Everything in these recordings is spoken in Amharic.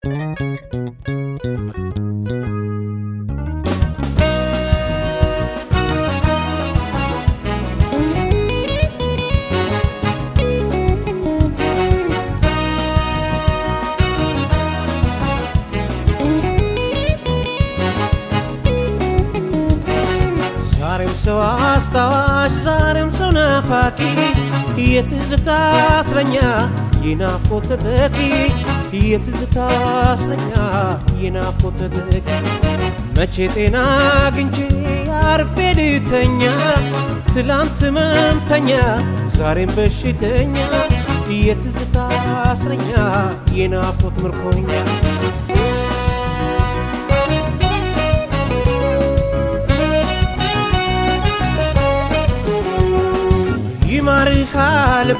አስታዋሽ ዛሬም ሰው ናፋቂ የትዝታ እስረኛ የናፍቆት ተጠቂ የትዝታ እስረኛ የናፍቆት መቼ ጤና አግኝቼ አርፌ ልተኛ ትላንት ሕመምተኛ ዛሬም በሽተኛ የትዝታ እስረኛ የናፍቆት ምርኮኛ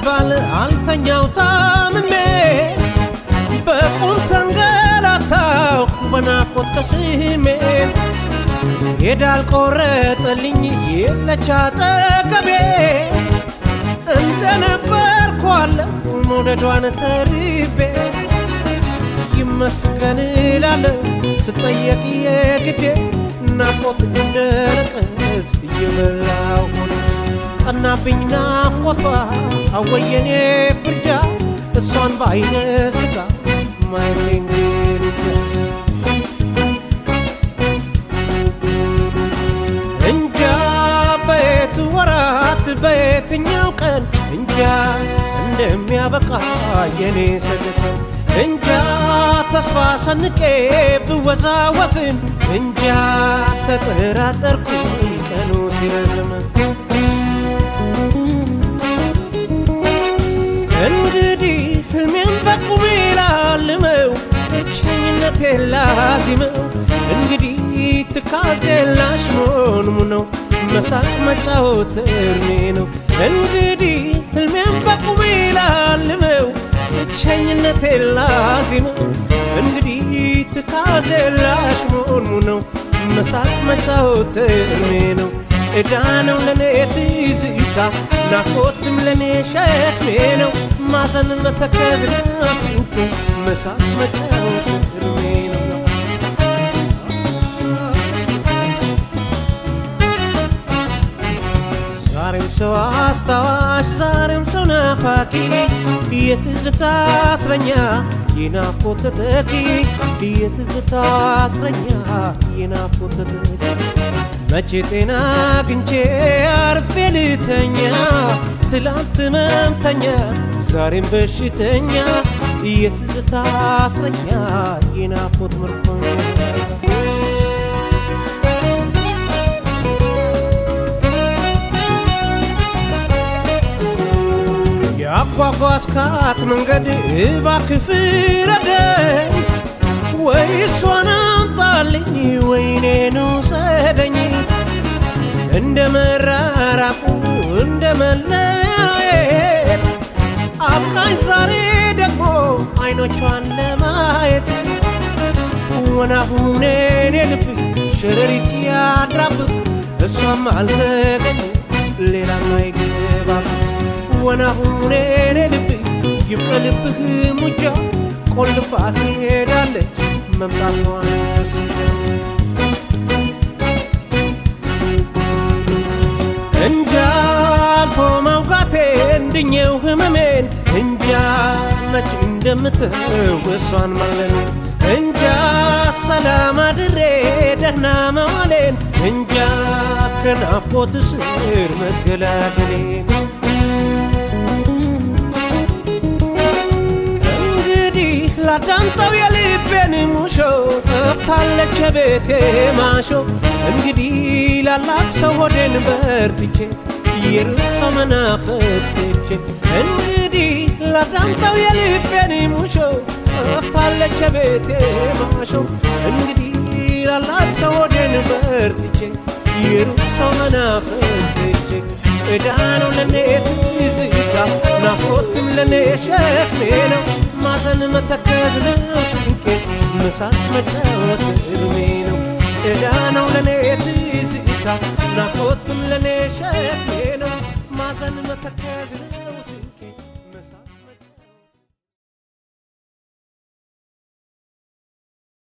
ባል አልተኛው ታምሜ በቁም ተንገላታሁ በናፍቆት ከስሜ ሄዳል ቆረጠልኝ የለች አጠገቤ እንደነበርኩ አለ መውደዷን ተርቤ ይመስገን እላለሁ ስጠየቅ የግዴ ናፍቆት እንደ ነቀዝ ጠናብኝ ናፍቆቷ አወየኔ ፍርድ እሷን በአይነ ስጋ እንጃ በየት ወራት በየትኛው ቀን እንጃ እንደሚያበቃ የኔ ሰገተን እንጃ ተስፋ ሰንቄ ብወዛወዝም እንጃ ተጠራጠርኩ ቀኑ ሲረዝም የላሽ መሆን ነው መሳቅ መጫወት እድሜ ነው እንግዲህ ህልሜን በቁሜ ላልመው ብቸኝነት ላዚመው እንግዲህ ትካዜ የላሽ መሆን ነው መሳቅ መጫወት እድሜ ነው ዕዳ ነው ለኔ ትዝታ ናፍቆትም ለኔ ሸክሜ ነው ማዘን መተከዝ ነው መሳቅ መጫወት ናፋቂ የትዝታ እስረኛ የናፍቆት ተጠቂ የትዝታ እስረኛ የናፍቆት ተጠቂ መቼ ጤና አግኝቼ አርፌ ልተኛ ትላንት መምተኛ ዛሬም በሽተኛ የትዝታ እስረኛ የናፍቆት ምርኮኛ ባጓጓዝካት መንገድ እባክህ ፍረደኝ፣ ወይ እሷን አምጣልኝ፣ ወይ እኔን ውሰደኝ። እንደ መራራቁ እንደ መለያየት አብቃኝ ዛሬ ደግሞ አይኖቿን ለማየት ወናሁኔ እኔ ልብ ሸረሪት ያድራብህ እሷም አልተገኘ ወና ሁኔ ልብህ ይብቀልብህ ሙጃ ቆልፋ ትሄዳለች መምጣቷን እንጃ አልፎ ማውጋቴ እንድኘው ህመሜን እንጃ መች እንደምትው እሷን ማለን እንጃ ሰላም አድሬ ደህና መዋሌን እንጃ ከናፍቆት ስር መገላገሌን ላዳምጠው የልቤን ሙሾ ጠፍታለች ቤቴ ማሾ እንግዲህ ላላቅ ሰው ሆዴን በርትቼ ይርቅ ሰው መናፈትቼ እንግዲህ ላዳምጠው የልቤን ሙሾ ጠፍታለች ቤቴ ማሾ እንግዲህ ላላቅ ሰው ሆዴን በርትቼ ይርቅ ሰው መናፈትቼ እዳኑ ለኔ ለኔ ሸክሜ ነው ማዘን መተከዝ ነው ስንቄ መሳቅ መጫወት እድሜ ነው ዕዳ ነው ለኔ ትዝታ ናፍቆትም ለኔ ሸክሜ ነው ማዘን መተከዝ ነው